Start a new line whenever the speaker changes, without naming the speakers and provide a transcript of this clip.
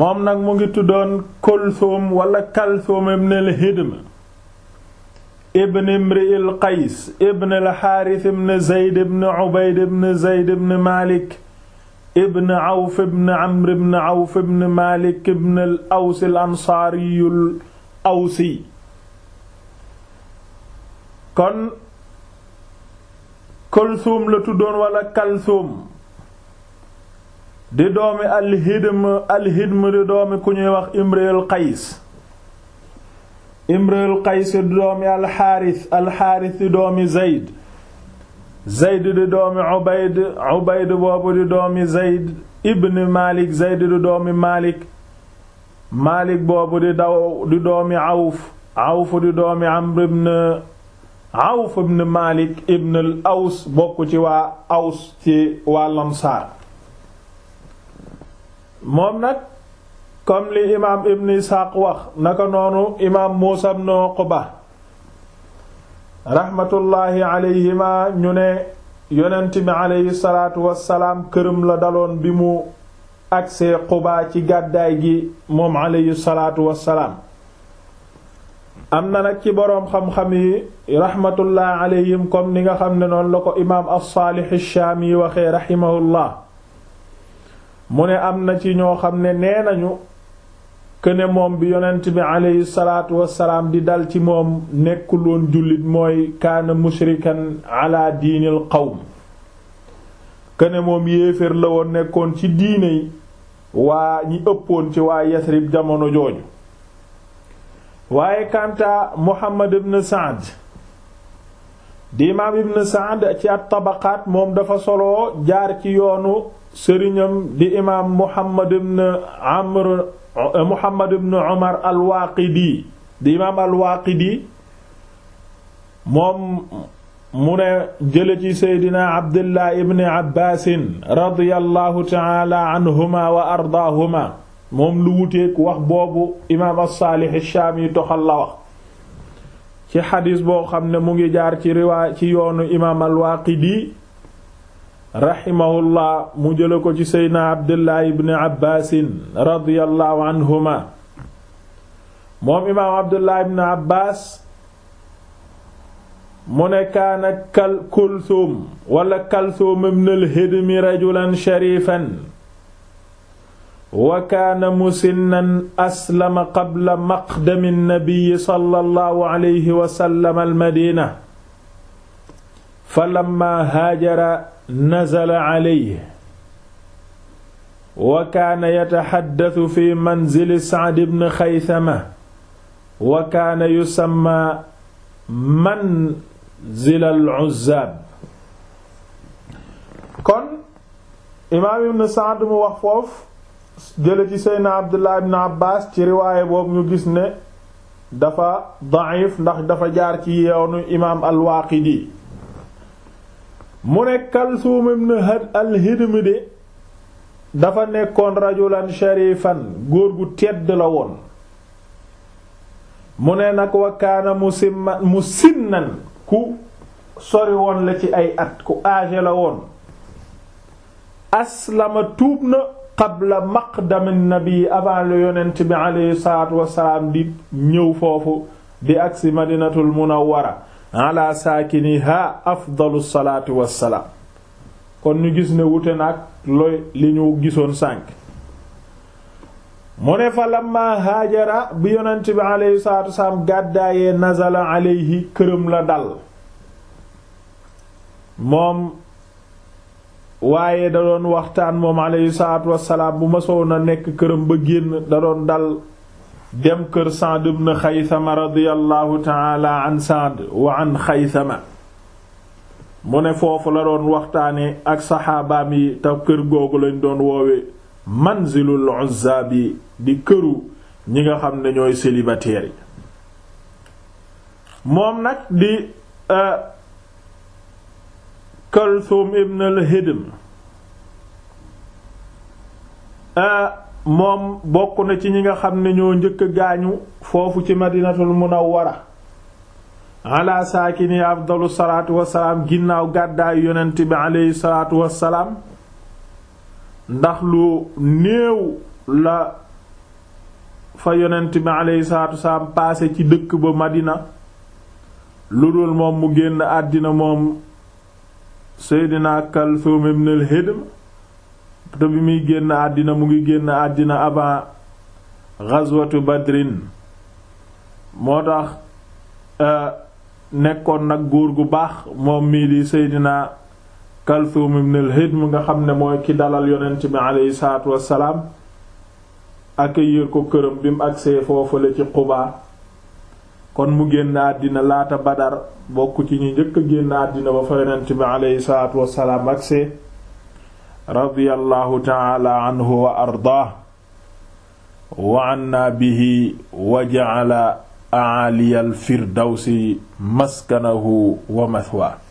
moom nag mu ngi tuddoon Kulthum wala Kalthum ibn al-Hidm ibn Imri al-Qays ibn al-Harith ibn Zayd ibn Ubayd ibn Zayd ibn Awf ibn Amr ibn Awf ibn Malik ibn al-Aws al-Ansari al-Awsi kon Kulthum la tuddoon wala Kalthum di doomi alhidm alhidm di doomi ku ñuy wax imreel qays imreel qays di doomi alxaaris alxaaris di doomi zayd zayd di doomi ubayd ubayd boobu di doomi zayd ibn malik zayd di doomi malik malik boobu di daw di doomi awf awf di doomi amr ibn awf ibn malik ibn aws bokk ci waa aws ci waa lamsaar moom nag comme li imaam ibn Isxaaq wax naka noonu imaam Muusa ibn Uqba raxmatullaahi alayhima ñu ne yonent bi aleyhi salaatu wassalaam këram la daloon bi mu agsee Quba ci gàddaay gi moom aleyhi salaatu wassalaam am na nag ci boroom xam-xam yi raxmatullaahi alayhim comme ni nga xam ne noon la ko imaam as-Saalih ash-Shaami waxee raximahullah mu ne am na ci ñoo xam ne nee nañu këne moom bi yonent bi aleyhi salaatu wassalaam di dal ci moom nekkul nekkuloon jullit mooy kaana mushrikan ala diinil qawm këne moom yéeféer la woon nekkoon ci diine yi waa ñi ëppoon ci waa yasrib jamono jooju waaye kanta muhammad ibn saad di imaam ibn ci at tabakaat moom dafa solo jaar ci yoonu sëriñam di imaam Muhammad ibn Amr eh, Muhammad ibn Umar al-Waaqidi di imaam al-Waaqidi moom mu ne jële ci seydina Abdullah ibn Abbaasin radiyallahu ta'ala anhuma wa ardaahuma moom lu wuteek wax boobu imaam as-Saalih ash-Shaami toxal la wax ci xadiis boo xam ne mu ngi jaar ci riwaay ci yoonu imaam al-Waaqidi raximahullah mu jële ko ci seydna abdullah ibni abbaasin radiallahu anhuma moom imaam abdullah ibni abbaas mu ne kaana kal kulthum wala kalthum ibn al-hidmi rajulan sharifan wa kaana musinnan aslama qabla maqdami nnabiyi sallallahu alayhi wa sallam al-madina falamma haajara nazala alayhi wa kaana yataxaddasu fi manzili Sa'd ibn Xaysama wa kaana yusamma manzil al-Uzzaab kon imaam ibn Sa'd mu wax foofu jële ci Seydina Abdullah ibn Abbaas ci riwaaye boobu ñu gis ne dafa ndax dafa jaar ci yoonu imaam al-Waaqidi mu ne Kalsuum ibn al-Hidm de dafa nekkoon rajulan sharifan góor gu tedd la woon mu ne nag wa kaana ku sori woon la ci ay at ku âgé la woon aslama tuub na qabla maqdami nabi avant le yonent bi aleyhi wasalaam di ñëw foofu di agsi madinatul munawwara ala saakiniha afdalu salaatu wassalaam kon ñu gis ne wute nag looy li ñu gisoon sànk mu ne fa lamma haajara bi yonent bi aleyhi salaatu wassalaam gàddaayee nazala aleyhi këram la dal moom waaye da doon waxtaan moom aleyhi salaatu wassalaam bu ma sow na nekk këram ba génn da doon dal dem kër Sa'd ibn Xaysama radiyallahu ta'ala an Sa'd wa an Xaysama mu ne foofu la doon waxtaane ak saxaabaam yi te kër googu lañ doon woowe manzilul uzzaab yi di këru ñi nga xam ne ñooy célibataires yi moom nag di euh, Kalthum ibn al-Hidm euh, moom bokk na ci ñi nga xam ne ñoo njëkk gaañu foofu ci madinatul munawwara ala saakini afdalu salaatu wasalaam ginnaaw gàddaayu yonent bi aleyhi salaatu wasalaam ndax lu néew la fa yonent bi aleyhi salaatu wasalaam paase ci dëkk ba madina lu dul moom mu génn àddina moom seydina kalthum ibn al hidm te bi muy génn àddina mu ngi génn àddina avant ghazwatu badrin moo tax euh, nekkoon nag góor gu baax moom mii di seydina kalthum ibn al nga xam ne mooy ki dalal yonent bi aleyhi salaatu ak accueillir ko këram bi mu agsee foofale ci Quba kon mu génn àddina laata Badar bokk ci ñi njëkk génn àddina ba fa yonent bi aleyhi salaatu wassalaam agsee radiyallahu taala anhu wa ardaah wa anna bihi wa ja'ala a'aliyal firdawsi maskanahu wa mathwaa